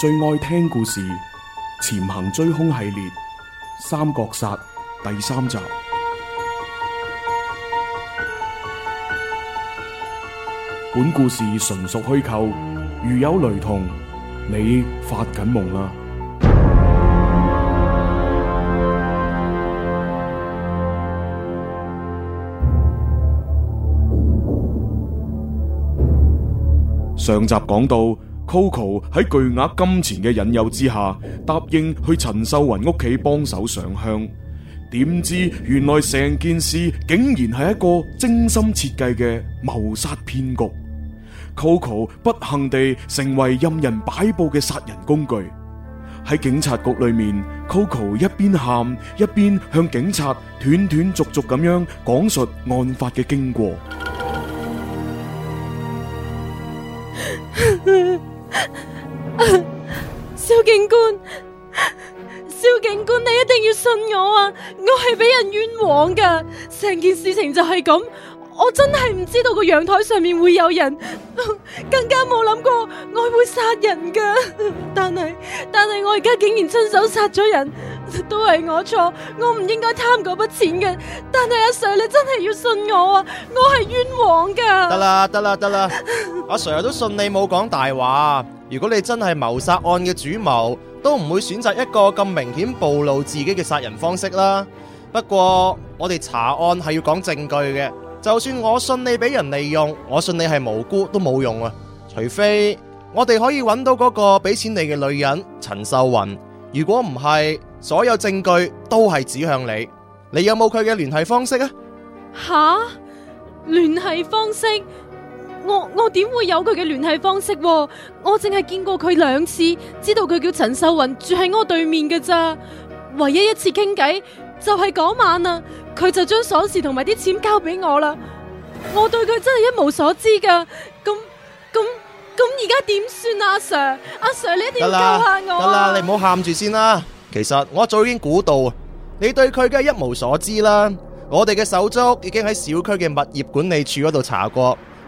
最愛聽故事《潛行追凶》系列《三角殺》第三集。本故事純屬虛構，如有雷同，你發緊夢啦。上集講到。Coco 喺巨額金錢嘅引誘之下，答應去陳秀云屋企幫手上香。點知原來成件事竟然係一個精心設計嘅謀殺騙局。Coco 不幸地成為任人擺布嘅殺人工具。喺警察局裏面，Coco 一邊喊一邊向警察斷斷續續咁樣講述案發嘅經過。警官，蕭警官，你一定要信我啊！我係俾人冤枉噶，成件事情就係咁，我真係唔知道個陽台上面會有人，更加冇諗過我會殺人噶。但係但係我而家竟然親手殺咗人，都係我錯，我唔應該貪嗰筆錢嘅。但係阿 Sir，你真係要信我啊！我係冤枉噶。得啦得啦得啦， 阿 Sir，我都信你，冇講大話。如果你真係謀殺案嘅主謀，都唔會選擇一個咁明顯暴露自己嘅殺人方式啦。不過我哋查案係要講證據嘅，就算我信你俾人利用，我信你係無辜都冇用啊。除非我哋可以揾到嗰個俾錢你嘅女人陳秀雲，如果唔係，所有證據都係指向你。你有冇佢嘅聯繫方式啊？吓，聯繫方式？我我點會有佢嘅聯繫方式？我淨係見過佢兩次，知道佢叫陳秀雲，住喺我對面嘅咋。唯一一次傾偈就係、是、嗰晚啦，佢就將鎖匙同埋啲錢交俾我啦。我對佢真係一無所知噶。咁咁咁，而家點算啊？阿 Sir，阿、啊、Sir，你一定要救下我、啊。得啦，得啦，你唔好喊住先啦。其實我早已經估到，你對佢梗係一無所知啦。我哋嘅手足已經喺小區嘅物業管理處嗰度查過。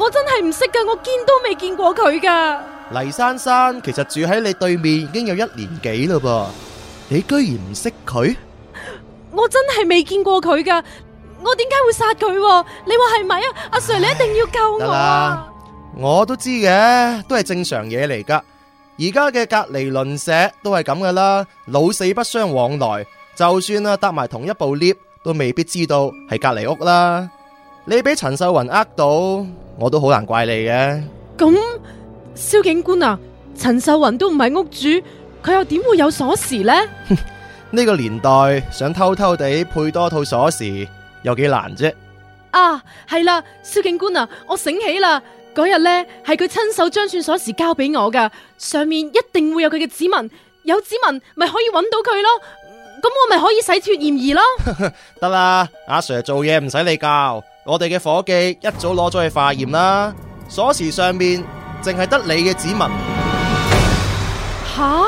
我真係唔識噶，我見都未見過佢噶。黎珊珊其實住喺你對面，已經有一年幾啦噃。你居然唔識佢？我真係未見過佢噶，我點解會殺佢？你話係咪啊？阿 Sir，你一定要救我啊！我都知嘅，都係正常嘢嚟噶。而家嘅隔離鄰舍都係咁噶啦，老死不相往來。就算啊搭埋同一部 lift，都未必知道係隔離屋啦。你俾陳秀雲呃到，我都好難怪你嘅。咁，蕭警官啊，陳秀雲都唔係屋主，佢又點會有鎖匙呢？呢個年代想偷偷地配多套鎖匙，有幾難啫？啊，係啦，蕭警官啊，我醒起啦，嗰日呢，係佢親手將串鎖匙交俾我噶，上面一定會有佢嘅指紋，有指紋咪可以揾到佢咯，咁我咪可以洗脫嫌疑咯。得啦，阿 Sir 做嘢唔使你教。我哋嘅伙計一早攞咗去化驗啦，鎖匙上面淨係得你嘅指紋。吓，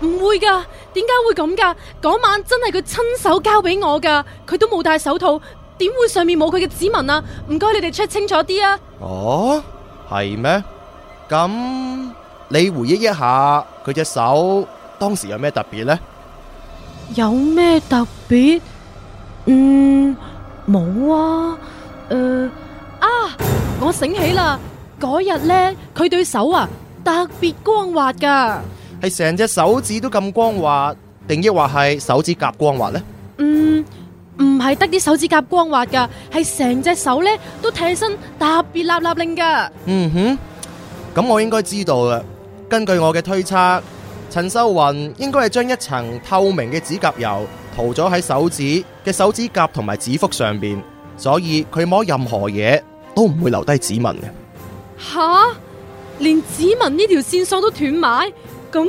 唔會噶，點解會咁噶？嗰晚真係佢親手交俾我噶，佢都冇戴手套，點會上面冇佢嘅指紋啊？唔該，你哋 check 清楚啲啊。哦，係咩？咁你回憶一下，佢隻手當時有咩特別呢？有咩特別？嗯。冇啊，誒、呃、啊！我醒起啦，嗰日咧，佢對手啊特別光滑噶，係成隻手指都咁光滑，定抑或係手指甲光滑呢？嗯，唔係得啲手指甲光滑噶，係成隻手咧都睇身特別立立令噶。嗯哼，咁我應該知道啦。根據我嘅推測，陳秀雲應該係將一層透明嘅指甲油。塗咗喺手指嘅手指甲同埋指腹上邊，所以佢摸任何嘢都唔會留低指紋嘅。吓，連指紋呢條線索都斷埋，咁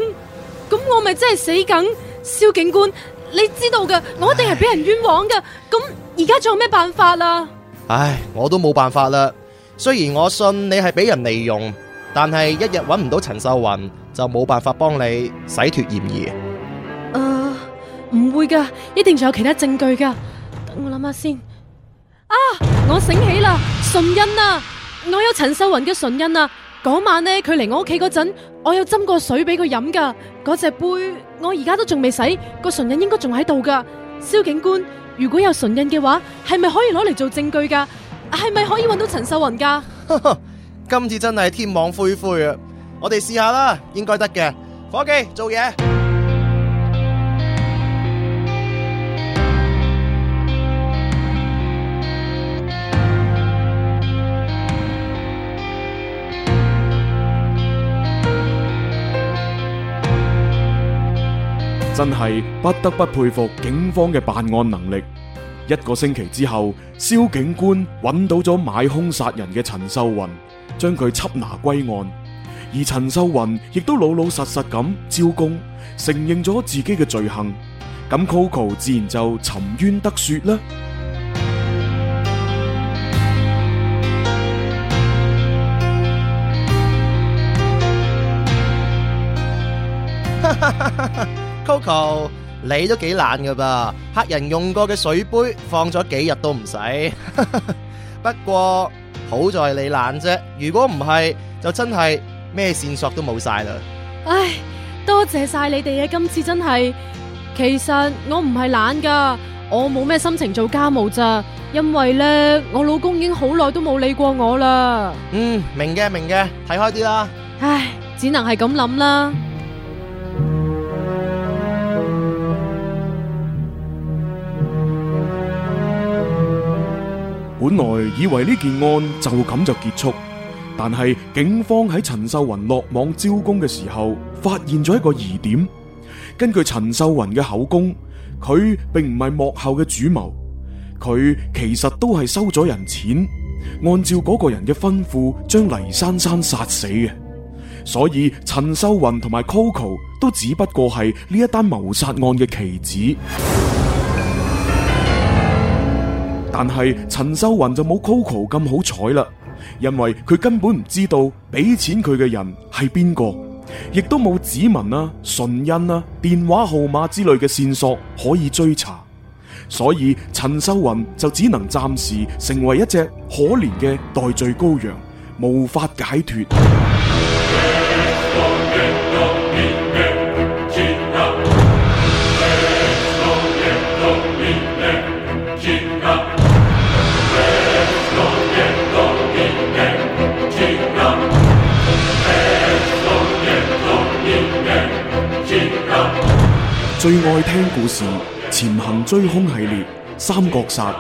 咁我咪真係死梗，蕭警官，你知道嘅，我一定係俾人冤枉嘅。咁而家仲有咩辦法啦，唉，我都冇辦法啦。雖然我信你係俾人利用，但係一日揾唔到陳秀雲，就冇辦法幫你洗脫嫌疑。唔會噶，一定仲有其他證據噶。等我諗下先。啊，我醒起啦，唇印啊，我有陳秀雲嘅唇印啊。嗰晚呢，佢嚟我屋企嗰陣，我有斟過水俾佢飲噶。嗰隻杯我而家都仲未洗，個唇印應該仲喺度噶。蕭警官，如果有唇印嘅話，係咪可以攞嚟做證據噶？係咪可以揾到陳秀雲噶？呵呵，今次真係天網恢恢啊！我哋試下啦，應該得嘅。伙計，做嘢。真係不得不佩服警方嘅辦案能力。一個星期之後，蕭警官揾到咗買兇殺人嘅陳秀雲，將佢緝拿歸案，而陳秀雲亦都老老實實咁招供，承認咗自己嘅罪行。咁 Coco 自然就沉冤得雪啦。Coco，你都幾懶噶噃，客人用過嘅水杯放咗幾日都唔使。不過好在你懶啫，如果唔係就真係咩線索都冇晒啦。唉，多謝晒你哋啊，今次真係。其實我唔係懶噶，我冇咩心情做家務咋，因為咧我老公已經好耐都冇理過我啦。嗯，明嘅明嘅，睇開啲啦。唉，只能係咁諗啦。本來以為呢件案就咁就結束，但係警方喺陳秀雲落網招供嘅時候，發現咗一個疑點。根據陳秀雲嘅口供，佢並唔係幕後嘅主謀，佢其實都係收咗人錢，按照嗰個人嘅吩咐將黎珊珊殺死嘅。所以陳秀雲同埋 Coco 都只不過係呢一單謀殺案嘅棋子。但係陳秀雲就冇 Coco 咁好彩啦，因為佢根本唔知道俾錢佢嘅人係邊個，亦都冇指紋啦、啊、唇印啦、啊、電話號碼之類嘅線索可以追查，所以陳秀雲就只能暫時成為一隻可憐嘅代罪羔羊，無法解脫。 最愛聽故事《潛行追凶》系列《三角殺》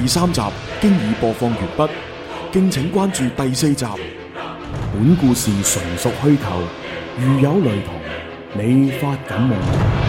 第三集經已播放完畢，敬請關注第四集。本故事純屬虛構，如有雷同，你發緊夢。